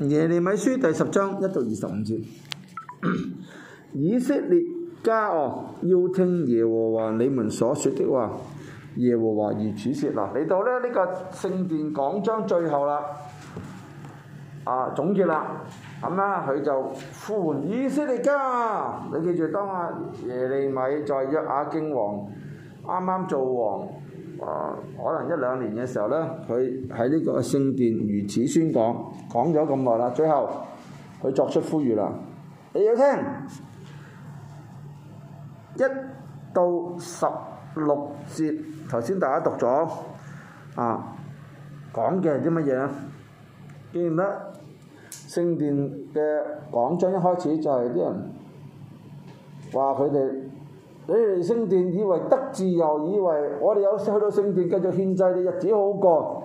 耶利米書第十章一到二十五節，以色列家哦，要聽耶和華你們所說的話。耶和華如此說。嗱，嚟到咧呢、這個聖殿講章最後啦，啊總結啦，咁啦佢就呼喚以色列家，你記住當阿耶利米在約雅敬王啱啱做王。剛剛啊，可能一兩年嘅時候咧，佢喺呢個聖殿如此宣講，講咗咁耐啦，最後佢作出呼籲啦，你要聽一到十六節，頭先大家讀咗啊，講嘅係啲乜嘢咧？記唔記得聖殿嘅講章一開始就係啲人話佢哋。你哋聖殿以為得自由，以為我哋有去到聖殿繼續獻祭你。你日子好過，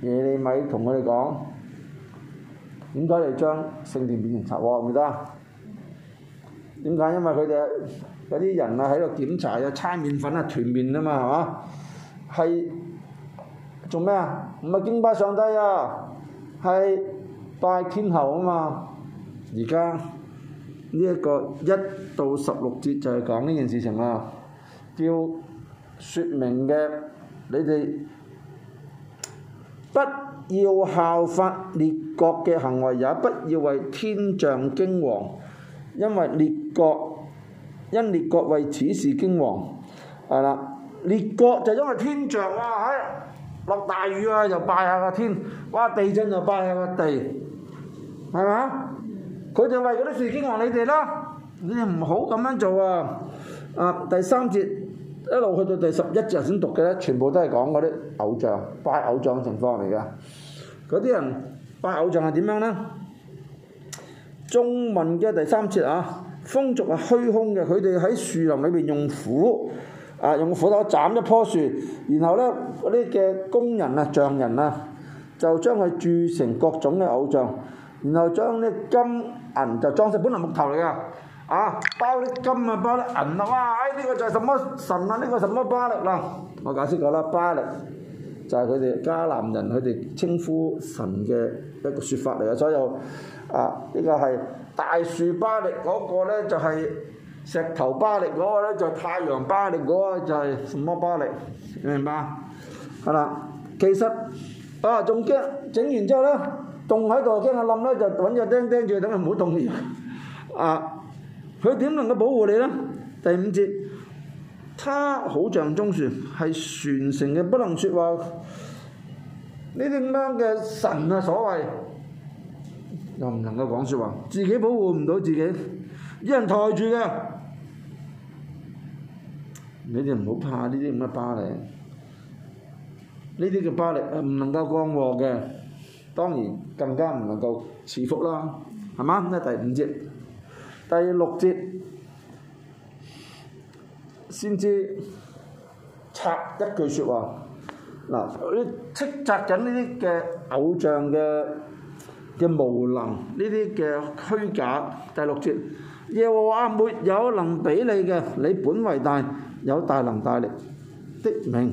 你咪同我哋講：點解你將聖殿變成賊窩唔得？點、哦、解？因為佢哋有啲人啊喺度檢查啊，拆麵粉啊，團麵啊嘛，係做咩啊？唔係敬拜上帝啊，係拜天后啊嘛。而家。呢一個一到十六節就係講呢件事情啦，要説明嘅你哋不要效法列國嘅行為，也不要為天象驚惶，因為列國因列國為此事驚惶，係啦，列國就因為天象，哇、哎！喺落大雨啊，就拜下個天；哇，地震就拜下個地，係嘛？佢哋為嗰啲士兵話你哋啦，你哋唔好咁樣做啊！啊，第三節一路去到第十一節先讀嘅咧，全部都係講嗰啲偶像、拜偶像嘅情況嚟㗎。嗰啲人拜偶像係點樣咧？中文嘅第三節啊，風俗係虛空嘅，佢哋喺樹林裏邊用斧啊，用斧頭斬一棵樹，然後咧嗰啲嘅工人啊、匠人啊，就將佢鑄成各種嘅偶像。然後將啲金銀就裝飾，本嚟木頭嚟噶，啊包啲金啊包啲、啊、銀啊，哇、哎！呢、這個就係什麼神啊？呢、這個什麼巴力啦、啊？我解釋過啦，巴力就係佢哋迦南人佢哋稱呼神嘅一個說法嚟嘅。所以啊呢、這個係大樹巴力嗰、那個咧就係石頭巴力嗰、那個咧就係太陽巴力嗰、那個就係什麼巴力？明白？係、啊、啦，其實啊仲驚整完之後咧。凍喺度，驚佢冧咧，就揾隻釘釘住，等佢唔好凍住。啊！佢點能夠保護你咧？第五節，他好像中船，係船城嘅，不能説話。呢啲咁樣嘅神啊，所謂又唔能夠講説話，自己保護唔到自己，一人抬住嘅。你哋唔好怕呢啲咁嘅巴力，呢啲叫巴力唔能夠降禍嘅。當然更加唔能夠賜福啦，係嘛？呢第五節、第六節先至拆一句説話，嗱，呢斥責緊呢啲嘅偶像嘅嘅無能，呢啲嘅虛假。第六節，耶和華沒有能比你嘅，你本為大，有大能大力的名。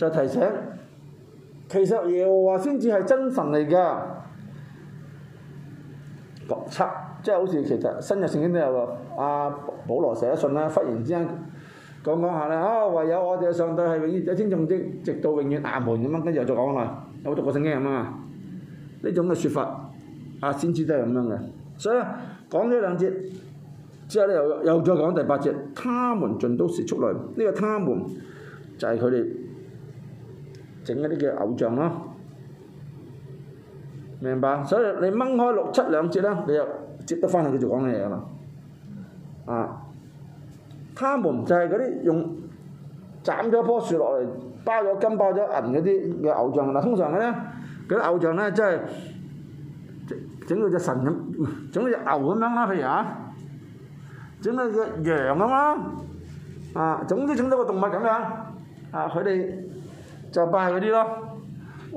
就提醒，其實耶和華先至係真神嚟嘅，國策即係好似其實新約聖經都有阿、啊、保羅寫信啦，忽然之間講一講一下咧，啊唯有我哋嘅上帝係永遠有千種跡，直到永遠阿門咁樣，跟住又再講下，有冇讀過聖經咁樣啊？呢種嘅説法啊，先知都係咁樣嘅，所以咧講咗兩節之後咧，又又再講第八節，他們盡都是畜類，呢、這個他們就係佢哋。整嗰啲叫偶像咯，明白？所以你掹開六七兩節呢，你就接得翻佢，佢就講嘢啦。啊，佢哋就係嗰啲用斬咗棵樹落嚟包咗金包咗銀嗰啲嘅偶像啦。通常咧，嗰啲偶像咧，即係整到隻神咁，整到隻牛咁樣啦，譬如啊，整到個羊咁啦，啊，總之整到個動物咁樣，啊，佢哋。就拜嗰啲咯，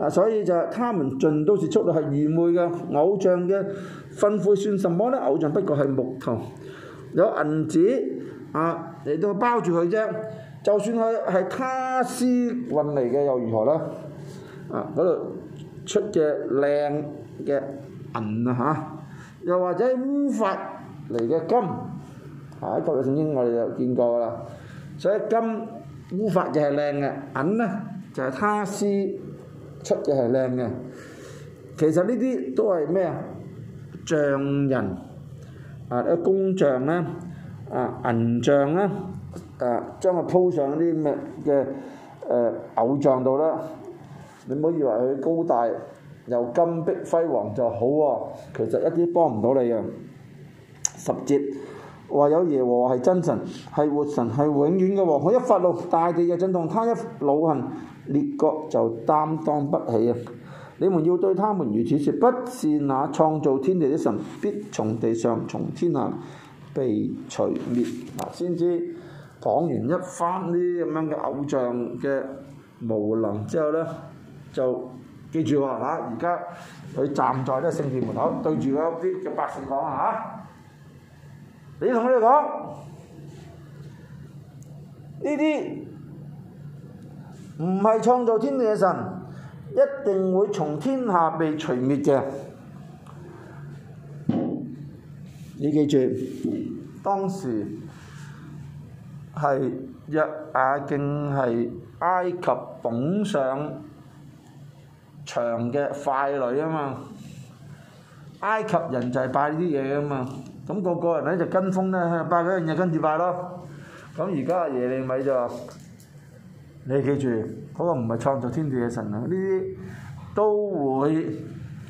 啊，所以就係他們盡都係出嚟係愚昧嘅偶像嘅，奉獻算什麼咧？偶像不過係木頭，有銀紙啊嚟到包住佢啫。就算佢係卡斯運嚟嘅又如何咧？啊，嗰度出嘅靚嘅銀啊嚇，又或者烏法嚟嘅金，啊，嗰啲曾經我哋就見過啦。所以金烏法嘅係靚嘅，銀咧。就係他師出嘅係靚嘅，其實呢啲都係咩啊？匠人啊，啲工匠咧，啊銀匠咧，啊將佢鋪上啲咩嘅嘅偶像度啦。你唔好以為佢高大又金碧輝煌就好喎、啊，其實一啲幫唔到你嘅。十節話有耶和華係真神，係活神，係永遠嘅喎。佢一發怒，大地又震動；他一惱恨。列國就擔當不起啊！你們要對他們如此説：不是那創造天地的神，必從地上、從天下被除滅。嗱，先知講完一番呢啲咁樣嘅偶像嘅無能之後咧，就記住喎，嚇！而家佢站在呢個聖殿門口，對住嗰啲嘅百姓講啊，嚇！你同佢哋講呢啲。唔係創造天地嘅神，一定會從天下被除滅嘅。你記住，當時係約亞敬係埃及捧上場嘅傀儡啊嘛！埃及人就係拜呢啲嘢啊嘛，咁、那個個人咧就跟風咧，拜嗰樣嘢跟住拜咯。咁而家阿耶利米就。你記住，嗰個唔係創造天地嘅神啊！呢啲都會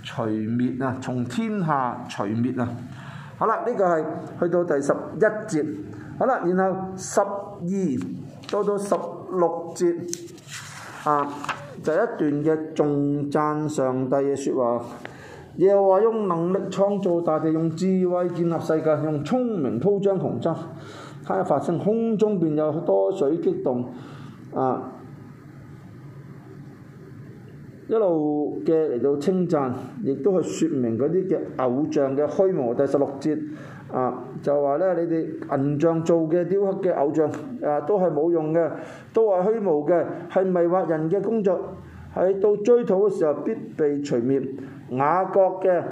除滅啊，從天下除滅啊！好啦，呢個係去到第十一節，好啦，然後十二到到十六節啊，就一段嘅重讚上帝嘅説話。又話用能力創造大地，用智慧建立世界，用聰明鋪張穹蒼。他一發聲，空中便有多水激動。啊！一路嘅嚟到稱讚，亦都係説明嗰啲嘅偶像嘅虛無。第十六節啊，就話咧，你哋銀像做嘅雕刻嘅偶像啊，都係冇用嘅，都係虛無嘅，係迷惑人嘅工作。喺到追討嘅時候，必被除滅。雅各嘅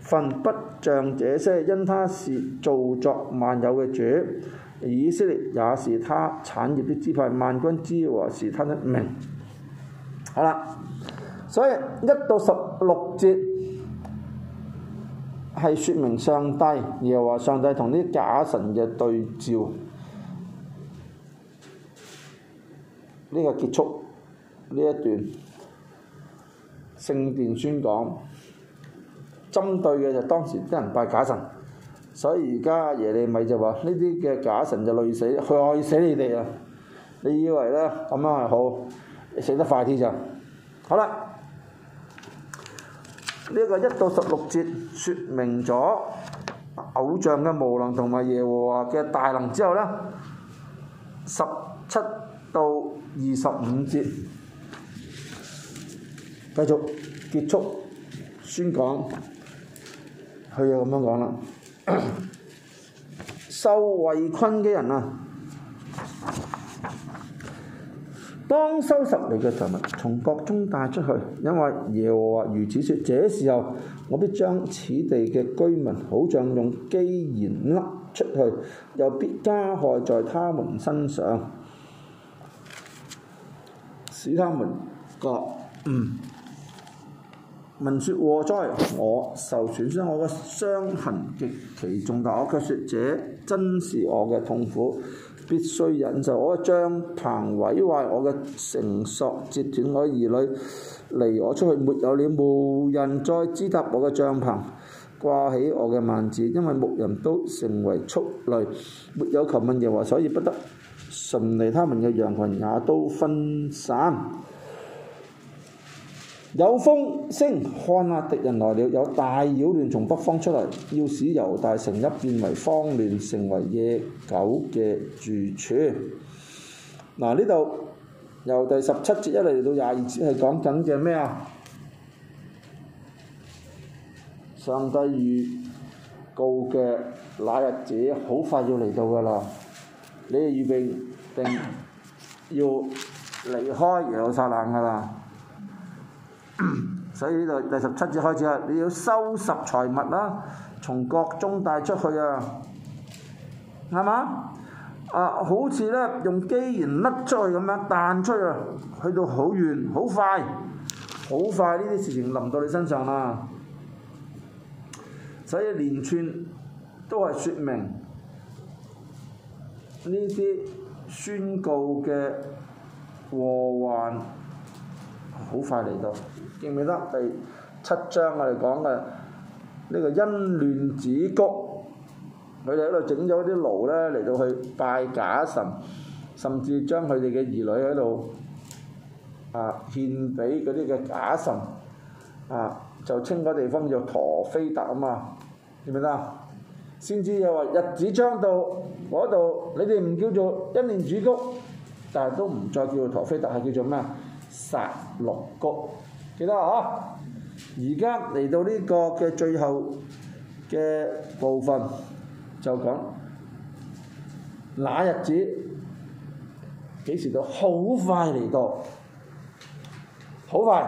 份不像這些，因他是造作萬有嘅主。以色列也是他產業的支派，萬軍之耶和華是他的名。好啦，所以一到十六節係説明上帝，而係話上帝同啲假神嘅對照。呢、呢個結束呢一段聖殿宣講，針對嘅就當時啲人拜假神。所以而家耶利米就話呢啲嘅假神就累死，佢害死你哋啊！你以為呢咁樣係好？死得快啲就好啦。呢、這個一到十六節説明咗偶像嘅無能同埋耶和華嘅大能之後呢，十七到二十五節繼續結束宣講，佢就咁樣講啦。 受圍困嘅人啊，當收拾你嘅財物，從國中帶出去，因為耶和華如此說：這時候我必將此地嘅居民好，好像用機弦甩出去，又必加害在他們身上，使他們覺嗯。民説，禍哉，我受損傷，我嘅傷痕極其重大，我說者。我卻説：這真是我嘅痛苦，必須忍受。我嘅帳篷毀壞，我嘅繩索折斷，我嘅兒女離我出去，沒有了，無人再支撐我嘅帳篷，掛起我嘅幔子，因為牧人都成為畜類，沒有求問耶和華，所以不得順利。他們嘅羊群也都分散。有風聲，看下、啊、敵人來了，有大擾亂從北方出嚟，要使猶大城邑變為荒亂，成為野狗嘅住處。嗱、啊，呢度由第十七節一嚟到廿二,二節係講緊嘅咩啊？上帝預告嘅那日者好快要嚟到㗎喇，你哋預備定要離開耶路撒冷㗎喇。所以呢度第十七節開始啦，你要收拾財物啦，從國中帶出去啊，係嘛？啊，好似咧用機緣甩出去咁樣彈出去，去到好遠，好快，好快呢啲事情臨到你身上啦。所以連串都係説明呢啲宣告嘅禍患，好快嚟到。記唔記得？第七章我哋講嘅呢個欣嫩子谷，佢哋喺度整咗啲爐咧嚟到去拜假神，甚至將佢哋嘅兒女喺度啊獻俾嗰啲嘅假神啊，就稱個地方叫陀斐特啊嘛，記唔記得？先知又話日子將到嗰度，你哋唔叫做欣嫩子谷，但係都唔再叫做陀斐特，係叫做咩啊？殺戮谷。記得啊！而家嚟到呢個嘅最後嘅部分，就講那日子幾時到？好快嚟到，好快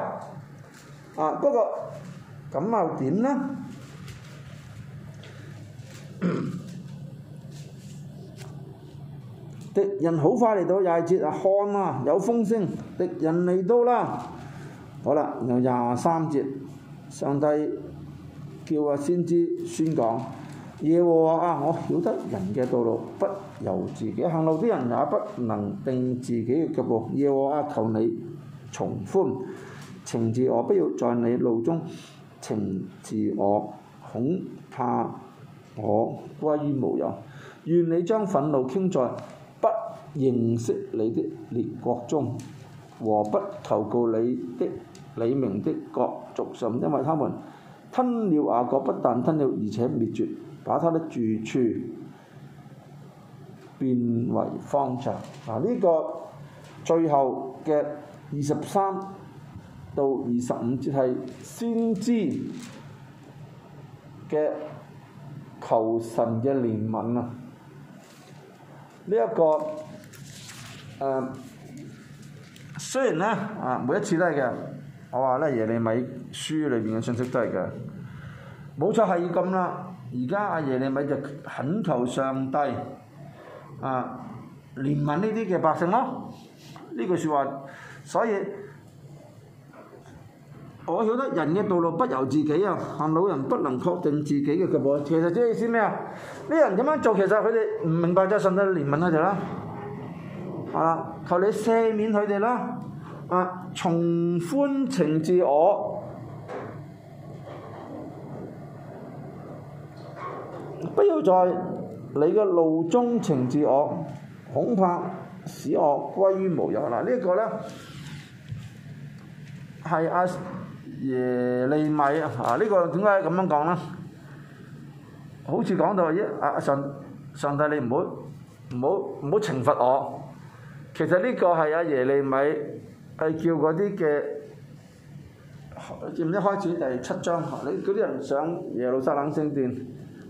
啊！不過咁又點呢？敵人好快嚟到，廿二節啊！看啊，有風聲，敵人嚟到啦！好啦，然後廿三節，上帝叫阿先知宣講：耶和華啊，我曉得人嘅道路不由自己行路，啲人也不能定自己嘅腳步。耶和華啊，求你從寬，懲治我，不要在你路中懲治我，恐怕我歸於無有。願你將憤怒傾在不認識你的列國中。和不求告你的你名的各族神，因為他們吞了雅各，不但吞了，而且滅絕，把他的住處變為荒場。嗱、啊，呢、這個最後嘅二十三到二十五節，係先知嘅求神嘅憐憫啊！呢、這、一個。誒、呃。雖然呢，啊，每一次都係嘅，我話咧耶利米書裏邊嘅信息都係嘅，冇錯係要咁啦。而家阿耶利米就懇求上帝，啊，憐憫呢啲嘅百姓咯。呢句説話，所以我曉得人嘅道路不由自己啊，行老人不能確定自己嘅腳步。其實即係意思咩啊？啲人咁樣做，其實佢哋唔明白就上帝憐憫佢哋啦。係、啊、求你赦免佢哋啦！啊，從寬懲治我，不要在你嘅怒中懲治我，恐怕使我歸於無有。嗱、啊，這個、呢個咧係阿耶利米啊！這個、么麼呢個點解咁樣講咧？好似講到阿神、啊，上帝你唔好唔好唔好懲罰我。其實呢個係阿耶利米係叫嗰啲嘅，點一開始第七章，你嗰啲人上耶路撒冷聖殿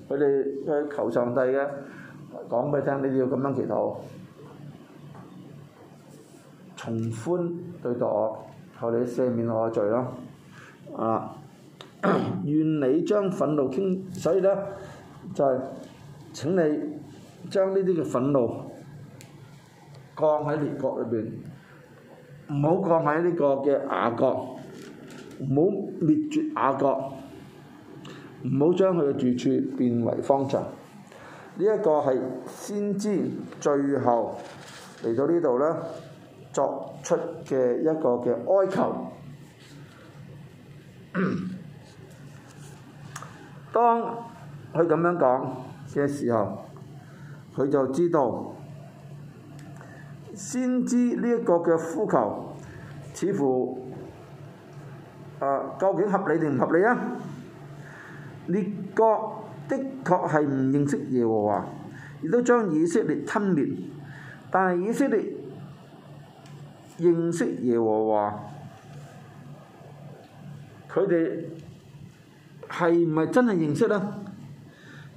佢哋去求上帝嘅，講俾你聽，你要咁樣祈禱，從寬對待我，求你赦免我嘅罪咯，啊，願 你將憤怒傾，所以呢，就係、是、請你將呢啲嘅憤怒。降喺列國裏邊，唔好降喺呢個嘅雅各，唔好滅絕雅各，唔好將佢嘅住處變為荒場。呢、這、一個係先知最後嚟到呢度咧作出嘅一個嘅哀求。 當佢咁樣講嘅時候，佢就知道。先知呢一個嘅呼求，似乎啊、呃、究竟合理定唔合理啊？列國的確係唔認識耶和華，亦都將以色列吞滅。但係以色列認識耶和華，佢哋係唔係真係認識呢？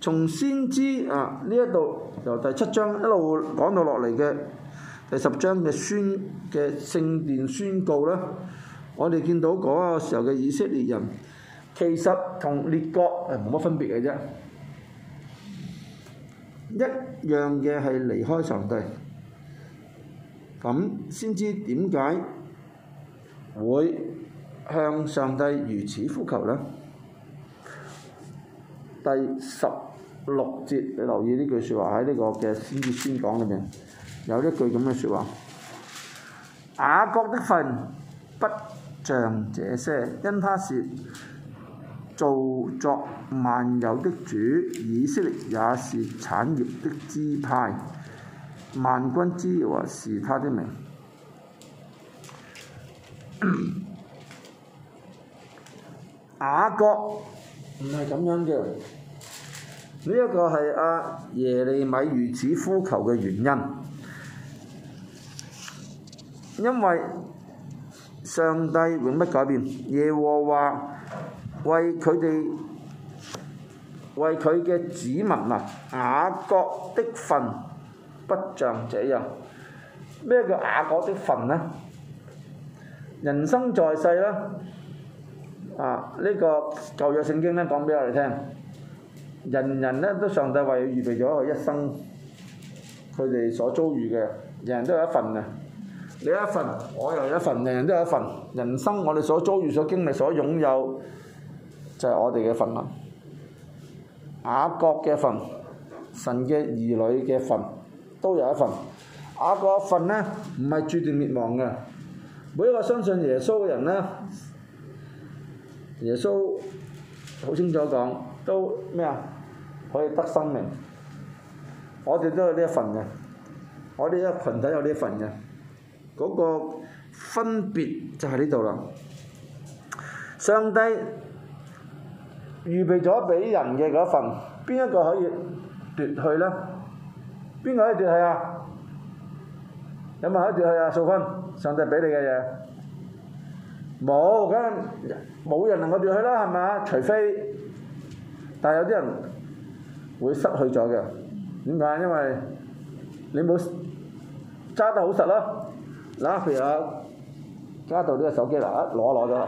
從先知啊呢一度由第七章一路講到落嚟嘅。第十章嘅宣嘅聖殿宣告啦，我哋見到嗰個時候嘅以色列人，其實同列國係冇乜分別嘅啫，一樣嘅係離開上帝，咁先知點解會向上帝如此呼求呢？第十六節，你留意呢句説話喺呢個嘅先知宣講裏面。有一句咁嘅説話：雅各的份不像這些，因他是造作萬有的主；以色列也是產業的支派，萬軍之耶和華是祂的名。 雅各唔係咁樣嘅，呢、這、一個係阿耶利米如此呼求嘅原因。因為上帝永不改變，耶和華為佢哋，為佢嘅子民啊，雅各的份不像這樣。咩叫雅各的份咧？人生在世、啊這個、呢，啊呢個舊約聖經咧講俾我哋聽，人人咧都上帝為佢預備咗佢一生，佢哋所遭遇嘅，人人都有一份嘅。你有一份，我又有一份，人人都有一份。人生我哋所遭遇、所經歷、所擁有，就係、是、我哋嘅份啦。雅各嘅份，神嘅兒女嘅份，都有一份。雅各一份呢，唔係注定滅亡嘅。每一個相信耶穌嘅人呢，耶穌好清楚講，都咩啊？可以得生命。我哋都有呢一份嘅，我呢一個羣體有呢一份嘅。嗰個分別就喺呢度啦。上帝預備咗畀人嘅嗰份，邊一個可以奪去咧？邊個可以奪去啊？有冇可以奪去啊？素芬，上帝畀你嘅嘢，冇，梗係冇人能夠奪去啦，係咪啊？除非，但係有啲人會失去咗嘅。點解？因為你冇揸得好實咯。嗱，譬如啊，揸到呢個手機啦，一攞攞咗，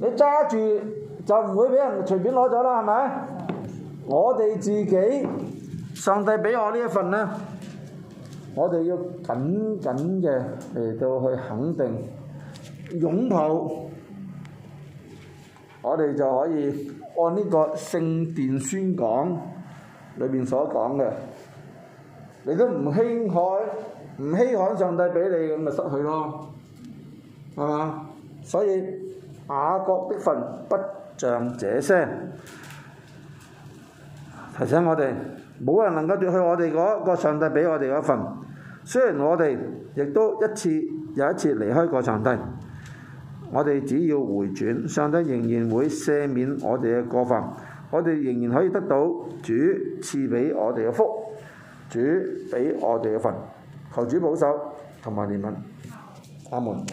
你揸住就唔會俾人隨便攞咗啦，係咪、嗯？我哋自己上帝畀我呢一份咧，我哋要緊緊嘅嚟到去肯定擁抱，我哋就可以按呢個聖殿宣講裏邊所講嘅。你都唔稀罕，唔稀罕上帝俾你咁咪失去咯，係嘛？所以雅各的份不像這些，提醒我哋冇人能夠奪去我哋嗰個上帝俾我哋嗰份。雖然我哋亦都一次又一次離開過上帝，我哋只要回轉，上帝仍然會赦免我哋嘅過犯，我哋仍然可以得到主賜俾我哋嘅福。主俾我哋一份，求主保守同埋憐憫，阿門。